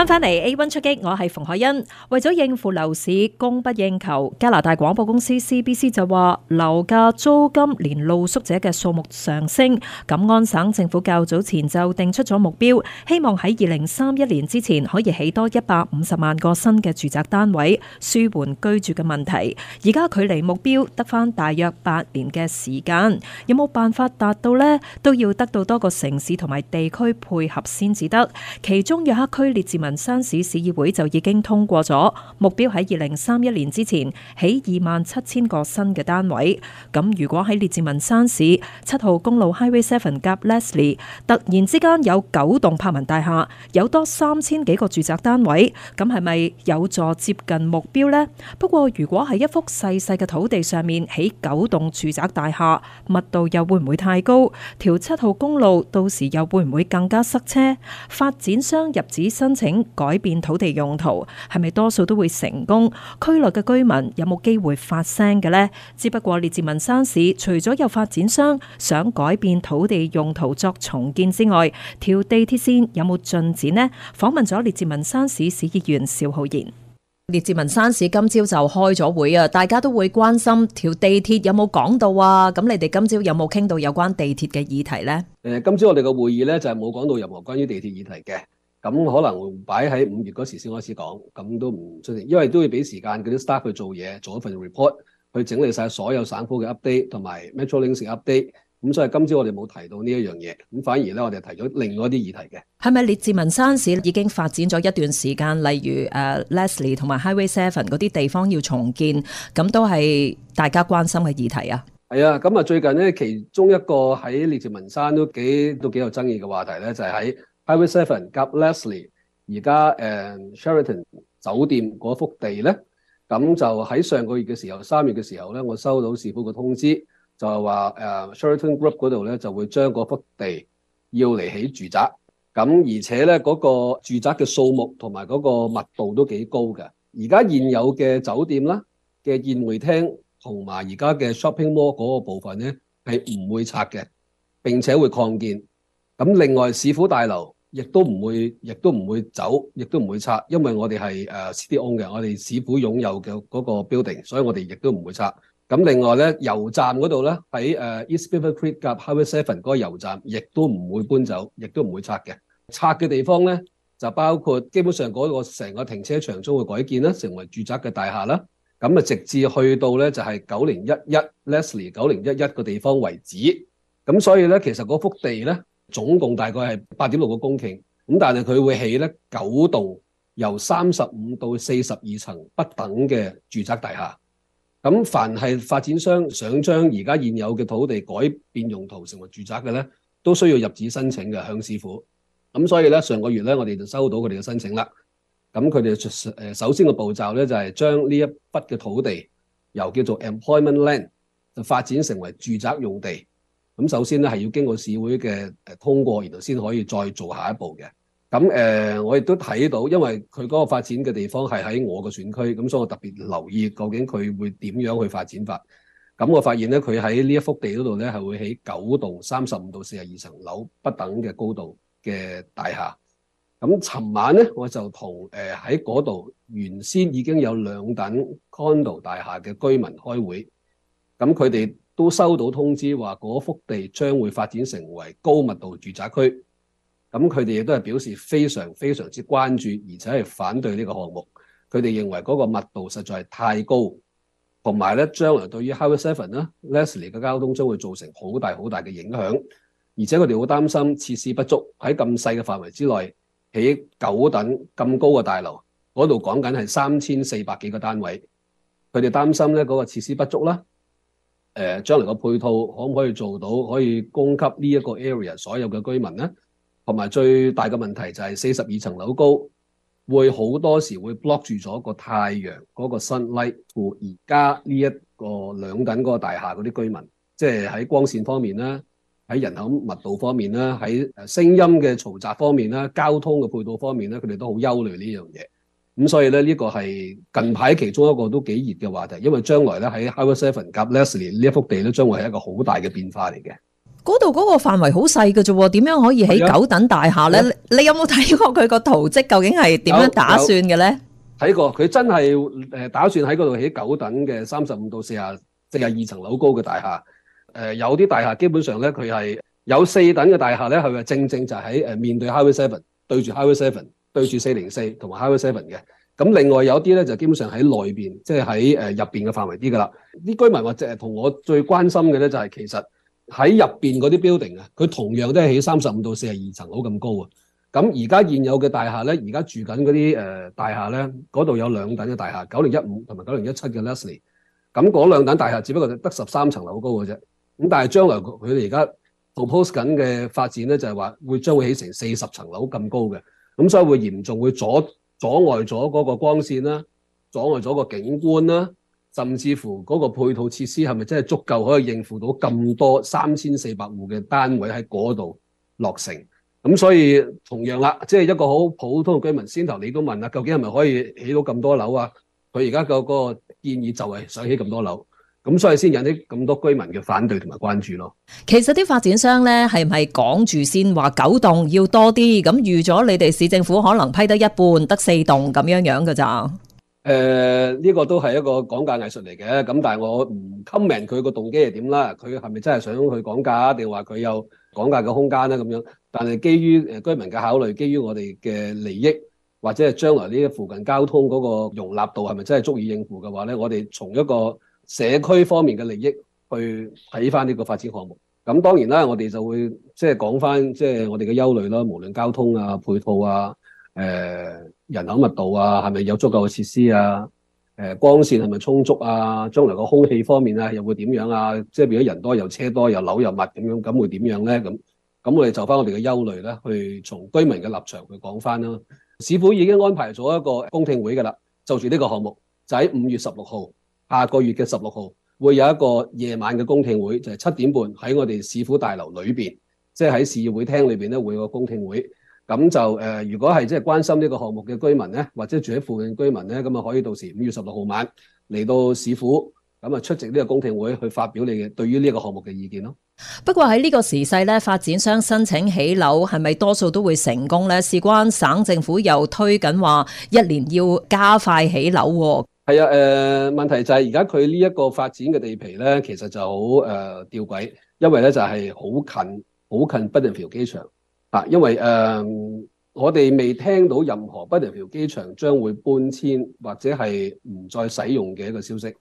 翻返嚟 A1 出擊，我係馮海欣。為咗應付樓市供不應求，加拿大廣播公司 CBC 就話樓價、租金連露宿者嘅數目上升。咁安省政府較早前就定出咗目標，希望喺二零三一年之前可以起多一百五十萬個新嘅住宅單位，舒緩居住嘅問題。而家距離目標得翻大約八年嘅時間，有冇辦法達到呢？都要得到多個城市同埋地區配合先至得。其中約克區烈治文，文山市市議會就已經通過咗目標，喺二零三一年之前起二萬七千個新嘅單位。咁如果喺列治文山市七號公路 （Highway Seven） 夾 Leslie，突然之間有九棟柏文大廈，有多三千幾個住宅單位，咁係咪有助接近目標咧？不過如果喺一幅細細嘅土地上面起九棟住宅大廈，密度又會唔會太高？條七號公路到時又會唔會更加塞車？發展商入紙申請。改變土地用途係咪多數都會成功？區內嘅居民有冇機會發聲嘅呢？只不過列治文山市除咗有發展商想改變土地用途作重建之外，條地鐵線有冇進展呢？訪問咗列治文山市市議員邵浩然。列治文山市今朝就開咗會啊，大家都會關心條地鐵有冇講到啊？咁你哋今朝有冇傾到有關地鐵嘅議題呢？誒，今朝我哋嘅會議呢就係冇講到任何關於地鐵議題嘅。咁可能擺喺五月嗰時先開始講，咁都唔出奇，因為都要俾時間嗰啲 staff 去做嘢，做一份 report，去整理晒所有省府嘅 update 同埋 Metrolinx 嘅 update。咁所以今朝我哋冇提到呢一樣嘢，咁反而咧我哋提咗另外一啲議題嘅。係咪列治文山市已經發展咗一段時間，例如、uh, Leslie 同埋 Highway Seven 嗰啲地方要重建，咁都係大家關心嘅議題啊？係啊，咁啊最近咧其中一個喺列治文山都幾都幾有爭議嘅話題咧，就係喺，Highway Seven 及 Leslie 而家誒 Sheraton 酒店嗰幅地咧，咁就喺上個月嘅時候，三月嘅時候咧，我收到市府嘅通知，就係話、uh, Sheraton Group 嗰度咧就會將嗰幅地要嚟起住宅，咁而且咧嗰、嗰個住宅嘅數目同埋嗰個密度都幾高嘅。而家現有嘅酒店啦嘅宴會廳同埋而家嘅 shopping mall 嗰個部分咧係唔會拆嘅，並且會擴建。咁另外市府大樓亦都唔會，亦都唔會走，亦都唔會拆，因為我哋係 city owned 嘅，我哋市府擁有嘅嗰個 building，所以我哋亦都唔會拆。咁另外咧，油站嗰度咧喺 East River Creek 夾 Highway Seven 嗰個油站，亦都唔會搬走，亦都唔會拆嘅。拆嘅地方咧就包括基本上嗰個成個停車場都會改建啦，成為住宅嘅大廈啦。咁啊，直至去到咧就係九零一一 Leslie 九零一一個地方為止。咁所以咧，其實嗰幅地咧。總共大概係八點六個公頃，咁但係佢會起咧九棟由三十五到四十二層不等嘅住宅大廈。咁凡係發展商想將而家現有嘅土地改變用途成為住宅嘅咧，都需要入紙申請嘅向市府，咁所以咧，上個月咧，我哋就收到佢哋嘅申請啦。咁佢哋誒首先嘅步驟咧，就係、是、將呢一筆嘅土地由叫做 employment land 就發展成為住宅用地。咁首先咧，係要經過市會嘅誒通過，然後先可以再做下一步嘅。咁誒、呃，我亦都睇到，因為佢嗰個發展嘅地方係喺我個選區，咁所以我特別留意究竟佢會點樣去發展法。咁我發現咧，佢喺呢一幅地嗰度咧，係會喺九棟三十五到四十二層樓不等嘅高度嘅大廈。咁尋晚咧，我就同誒喺嗰度原先已經有兩棟 condo 大廈嘅居民開會，咁佢哋。都收到通知話，嗰幅地將會發展成為高密度住宅區。咁佢哋亦都係表示非常非常之關注，而且係反對呢個項目。佢哋認為嗰個密度實在係太高，同埋咧將來對於 Highway 7啦、Leslie 嘅交通將會造成好大好大嘅影響。而且佢哋好擔心設施不足，喺咁細嘅範圍之內，喺九棟咁高嘅大樓，嗰度講緊係三千四百幾個單位。佢哋擔心咧嗰、嗰個設施不足啦。誒將來個配套可唔可以做到，可以供給呢一個 area 所有嘅居民咧？同埋最大嘅問題就係四十二層樓高，會好多時會 block 住咗個太陽嗰個 sunlight。而家呢一個兩層嗰個大廈嗰啲居民，即係喺光線方面啦，喺人口密度方面啦，喺聲音嘅嘈雜方面啦，交通嘅配套方面咧，佢哋都好憂慮呢樣嘢。咁所以咧，呢，呢個係近排其中一個都幾熱嘅話題，因為將來咧喺 Highway Seven 夾 Leslie 呢一幅地咧，將會係一個好大嘅變化嚟嘅。嗰度嗰個範圍好細嘅啫喎，點樣可以起九棟大廈咧？你有冇睇過佢個圖則究竟係點樣打算嘅咧？睇過，佢真係誒打算喺嗰度起九棟嘅三十五到四十、四十二層樓高嘅大廈。誒有啲大廈基本上咧，佢係有四棟嘅大廈咧，係咪正正就喺誒面對 Highway Seven 對住 Highway Seven？對住404同埋 Highway Seven 嘅，咁另外有啲咧就基本上喺內面，即係喺入面嘅範圍啲噶啦。啲居民或者誒同我最關心嘅咧就係其實喺入面嗰啲 building 啊，佢同樣都係起三十五到四十二層樓咁高啊。咁而家現有嘅大廈咧，而家住緊嗰啲大廈咧，嗰度有兩棟嘅大廈，九零一五同埋九零一七嘅 Leslie。咁嗰兩棟大廈只不過得十三層樓高嘅啫。咁但係將來佢哋而家 propose 緊嘅發展咧，就係話會將會起成四十層樓咁高嘅。咁所以會嚴重會阻阻礙咗嗰個光線啦，阻礙咗個景觀啦，甚至乎嗰個配套設施係咪真係足夠可以應付到咁多三千四百戶嘅單位喺嗰度落成？咁所以同樣啦，即係一個好普通嘅居民，先頭你都問啦，究竟係咪可以起到咁多樓啊？佢而家個個建議就係想起咁多樓。咁所以先引起咁多居民嘅反對同埋關注咯。其實啲發展商咧係唔係講住先話九棟要多啲，咁預咗你哋市政府可能批得一半，得四棟咁樣樣㗎咋？誒、呃、呢、這個都係一個講價藝術嚟嘅。咁但係我唔 comment 佢個動機係點啦。佢係咪真係想去講價，定話佢有講價嘅空間咧？咁樣，但係基於誒居民嘅考慮，基於我哋嘅利益，或者係將來呢啲附近交通嗰個容納度係咪真係足以應付嘅話咧，我哋從一個社區方面嘅利益去睇翻呢個發展項目，咁當然啦，我哋就會即係講翻即係我哋嘅憂慮啦。無論交通啊、配套啊、誒、呃、人口密度啊，係咪有足夠嘅設施啊？誒、呃、光線係咪充足啊？將來個空氣方面啊，又會點樣啊？即係如果人多又車多又樓又密咁樣，點樣呢，咁會點樣咧？咁咁我哋就翻我哋嘅憂慮咧，去從居民嘅立場去講翻啦。市府已經安排咗一個公聽會噶啦，就住呢個項目，就喺五月十六號。下個月嘅十六號會有一個夜晚嘅公聽會，就係七點半喺我哋市府大樓裏邊，即係喺市議會廳裏邊咧會有個公聽會。咁就誒、呃，如果係即係關心呢個項目嘅居民咧，或者住喺附近居民咧，咁啊可以到時五月十六號晚嚟到市府，咁啊出席呢個公聽會去發表你嘅對於呢一個項目嘅意見咯。不過喺呢個時勢咧，發展商申請起樓係咪多數都會成功咧？事關省政府又推緊話，一年要加快起樓喎、啊。係啊，誒問題就係而家佢呢一個發展嘅地皮咧，其實就好誒吊詭，因為咧就係好近好近不列顛橋機場啊，因為誒我哋未聽到任何不列顛橋機場將會搬遷或者係唔再使用嘅一個消息，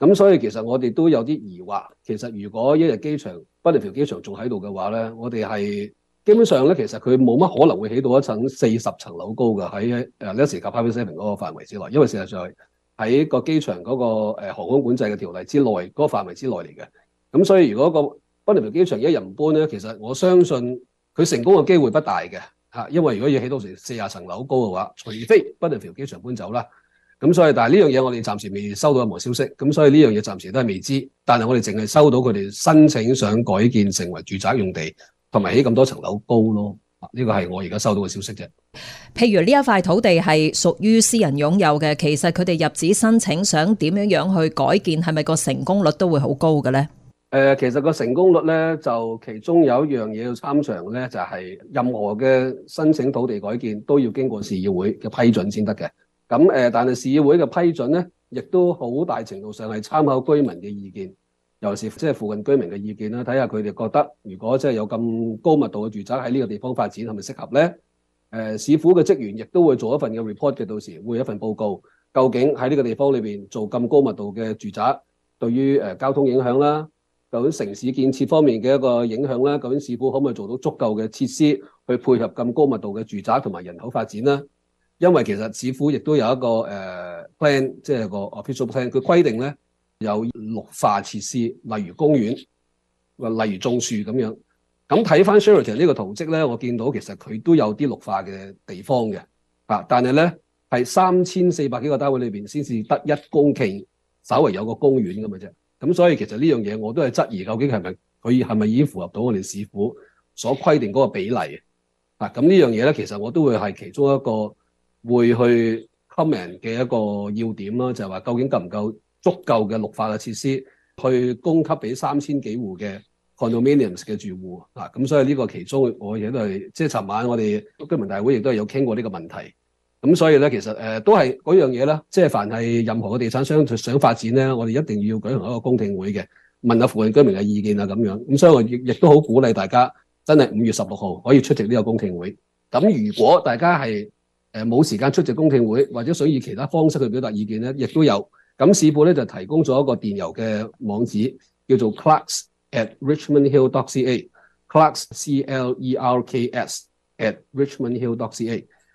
咁所以其實我哋都有啲疑惑。其實如果一日機場不列顛橋機場仲喺度嘅話咧，我哋係基本上咧其實佢冇乜可能會起到一層四十層樓高㗎，喺誒 Leslie 及 Pavilion 嗰個範圍之內，因為事實上，喺個機場嗰個航空管制嘅條例之內嗰個範圍之內嚟嘅，咁所以如果個 Boundary 機場一日唔搬咧，其實我相信佢成功嘅機會不大嘅嚇，因為如果要起到成四十層樓高嘅話，除非 Boundary 機場搬走啦，咁所以但係呢樣嘢我哋暫時未收到任何消息，咁所以呢樣嘢暫時都係未知，但係我哋淨係收到佢哋申請想改建成為住宅用地，同埋起咁多層樓高咯。呢個係我而家收到嘅消息啫。譬如呢一塊土地係屬於私人擁有嘅，其實佢哋入紙申請想點樣樣去改建，係咪個成功率都會好高嘅咧？誒、呃，其實個成功率咧，就其中有一樣嘢要參詳嘅咧，就係任何嘅申請土地改建都要經過市議會嘅批准先得嘅。咁誒、呃，但係市議會嘅批准咧，亦都好大程度上係參考居民嘅意見。尤其是即係附近居民嘅意見啦，睇下佢哋覺得，如果即係有咁高密度嘅住宅喺呢個地方發展，係咪適合咧？誒、呃，市府嘅職員亦都會做一份嘅 report 嘅，到時會有一份報告，究竟喺呢個地方裏面做咁高密度嘅住宅，對於、呃、交通影響啦，究竟城市建設方面嘅一個影響啦，究竟市府可唔可以做到足夠嘅設施去配合咁高密度嘅住宅同埋人口發展啦？因為其實市府亦都有一個、呃、plan，即係個 official plan，佢規定咧。有綠化設施，例如公園，或例如種樹咁樣。咁睇翻 Sheraton 呢個圖則咧，我見到其實佢都有啲綠化嘅地方嘅，啊！但係咧係三千四百幾個單位裏邊，先至得一公頃，稍為有個公園咁嘅啫。咁所以其實呢樣嘢我都係質疑，究竟係咪佢係咪已經符合到我哋市府所規定嗰個比例啊？咁呢樣嘢咧，其實我都會係其中一個會去 comment 嘅一個要點啦，就係話究竟夠唔夠？足夠嘅綠化嘅設施去供給俾三千幾戶嘅 condominiums 嘅住戶啊，咁所以呢個其中我亦都係，即係尋晚我哋居民大會亦都係有傾過呢個問題。咁所以咧，其實誒、呃、都係嗰樣嘢啦。即係凡係任何嘅地產商想發展咧，我哋一定要舉行一個公聽會嘅，問下附近居民嘅意見啊咁樣。咁所以我亦亦都好鼓勵大家真係五月十六號可以出席呢個公聽會。咁如果大家係誒冇時間出席公聽會，或者想以其他方式去表達意見咧，亦都有。咁市部咧就提供咗一個電郵嘅網址，叫做 clerks@richmondhill.ca，clerks dot c l e r k s@richmondhill.ca，at dot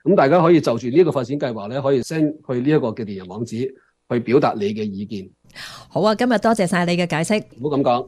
咁大家可以就住呢個發展計劃咧，可以 send 去呢一個嘅電郵網址去表達你嘅意見。好啊，今日多謝晒你嘅解釋。唔好咁講。